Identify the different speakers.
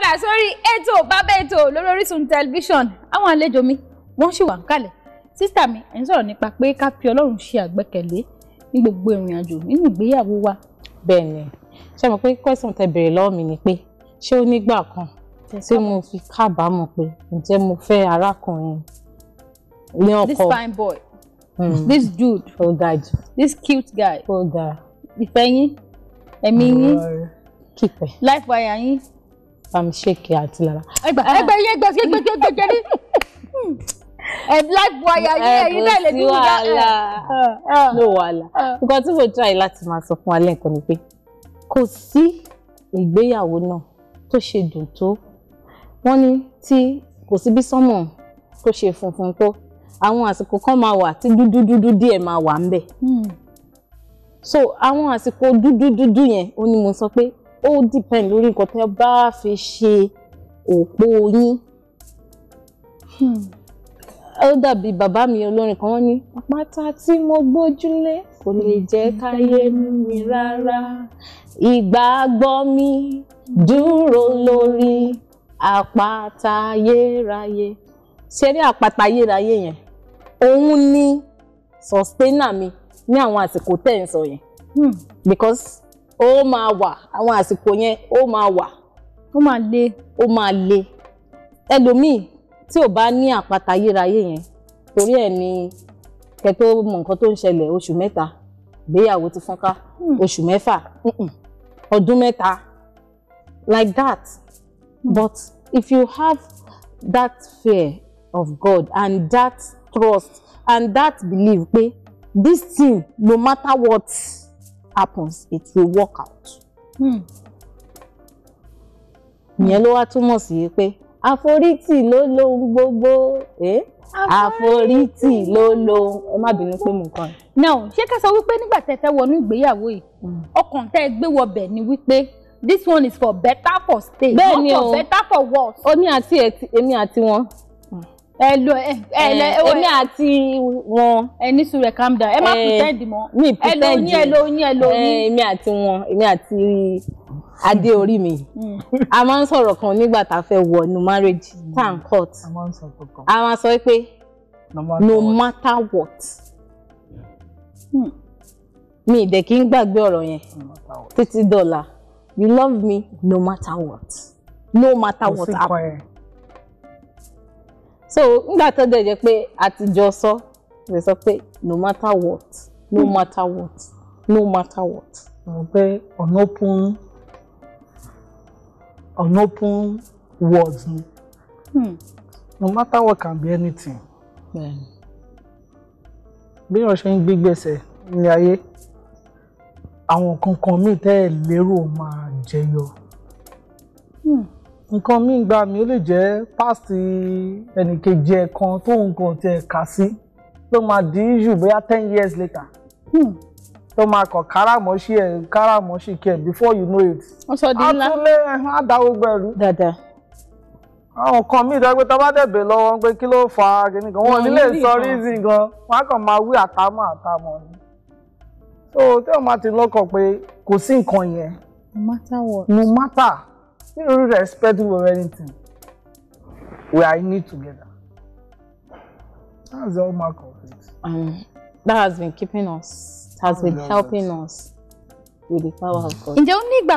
Speaker 1: padà sórí ètò bàbá ètò lórí Orísun tẹlifíṣọ̀n àwọn àlejò mi wọ́n sì wà ń kalẹ̀ sísà mi ẹ̀ ń sọ̀rọ̀ nípa pé ká fi Ọlọ́run ṣe àgbẹ́kẹ̀lé ní gbogbo ìrìn àjò nínú ìgbéyàwó wa. bẹ́ẹ̀ ni ṣe mọ̀ pé question tẹ bèrè lọ́wọ́ mi ni pé ṣé ó nígbà kan tí mo fi kábàámọ̀ pé ǹjẹ́ mo fẹ́ arákùnrin ní ọkọ this fine boy mm. this dude ó this cute guy ó ga ìfẹ́ yín ẹ̀mí yín kìpẹ́ láìpẹ́ àyà yín bami ṣèkè àti lára. ẹgbẹ ah. ẹgbẹ yẹn gbẹ sí gbẹ gbẹ jẹ ní life wire yẹn yìí eh, náà lè dúró dáa. Eh, eh, no wàhálà nǹkan tí mo try láti máa sọ fún wa lẹ́ẹ̀kan ni pé kò sí ìgbéyàwó náà tó ṣe dùn tó wọ́n ní tí kò sí bí sánmọ̀ tó ṣe funfun tó àwọn àsìkò kan máa wà tí dúdú dúdú díẹ̀ máa wà ń bẹ̀ hmm. so àwọn àsìkò dúdú dúdú yẹn ó ní mo sọ pé ó depend lórí nǹkan tẹ́ bá fi ṣe òpó yín hmm. ó dàbí bàbá mi olórin kan wọ́n ní àpáta tí mo gbójúlé kò lè jẹ́ káyé mi rárá ìgbàgbọ́ mi dúró lórí àpáta ayérayé ṣe rí àpáta ayérayé yẹn òun ni sustainer mi ní àwọn àsìkò tẹ̀ ń sọ yẹn hmm. because ó máa wà àwọn àsìkò yẹn ó máa wà. ó máa le. ó máa le ẹlòmíì tí ò bá ní àpáta yérayé yẹn torí ẹ̀ ni kẹ́ tó mọ nǹkan tó ń ṣẹlẹ̀ oṣù mẹ́ta ìgbéyàwó ti fọ́nká hmm. oṣù mẹ́fà ọdún mẹ́ta like that hmm. but if you have that fear of God and that trust and that belief pé this thing no matter what happens it will work out. Hmm. ìyẹn ló wá túmọ̀ sí pé àforítì ló lohun gbogbo àforítì ló lohun ẹ má bínú pé mo kàn. now ṣé ká sọ wípé nígbà tẹ fẹ́ wọnú ìgbéyàwó yìí hmm. ọkàn tẹ́ ẹ gbé wọbẹ̀ ni wípé this one is for better for stay not for better for worse. ó ní àti èmi àti wọn ẹ lọ ẹ ẹ èmi àti wọn ẹ ní sùúrù ẹ calm down ẹ má pretend mọ́ mi pretend ẹ lo yín ẹ lo yín èmi àti wọn èmi àti adé orí mi mm. a máa ń sọ̀rọ̀ kan nígbà tá a fẹ́ wọnú marriage mm. tan court a máa sọ pé hmm. no matter what mi ìdẹ̀ kí n gbàgbé ọ̀rọ̀ yẹn títí dọ́là you love me no matter what no matter what happen so nígbà tó dẹ̀ jẹ́ pé àtijọ́ sọ lè sọ pé no matter what no matter what no matter what.
Speaker 2: mo pé open òpin ọ̀nà words ni hmm. no matter what can be anything. bí wọ́n ṣe ń gbígbèsè ní ayé àwọn kankan míì tẹ́ ẹ̀ lérò máa jẹyọ. Hmm nǹkan míì gbà mí ó lè jẹ́ pásítì ẹnìkejì ẹ̀ kan tó nǹkan tiẹ̀ kà sí ló máa di issue bóyá ten years later tó hmm. máa kọ̀ káràmọ́sí ẹ̀ káràmọ́sí kẹ̀ before you know it. wọ́n sọ di ńlá àtúnlé ẹ̀hán àdáwó gbẹ̀rú. dáadáa. àwọn kan míì dẹ́gbẹ́ tó bá dẹ̀bẹ̀ lọ́wọ́ pé kí ló fa kíní gan wọn nílé sọ reason gan wọn á kàn máa wí àtàmọ́ àtàmọ́ ni. so tí wọ́n máa ti lọ́kàn pé kò sí nǹkan yẹn. no matter what. no matter We still respectful of anything. We are in it together. That's the hallmark of
Speaker 1: it. Um, that has been keeping us, has been helping us with the power of God.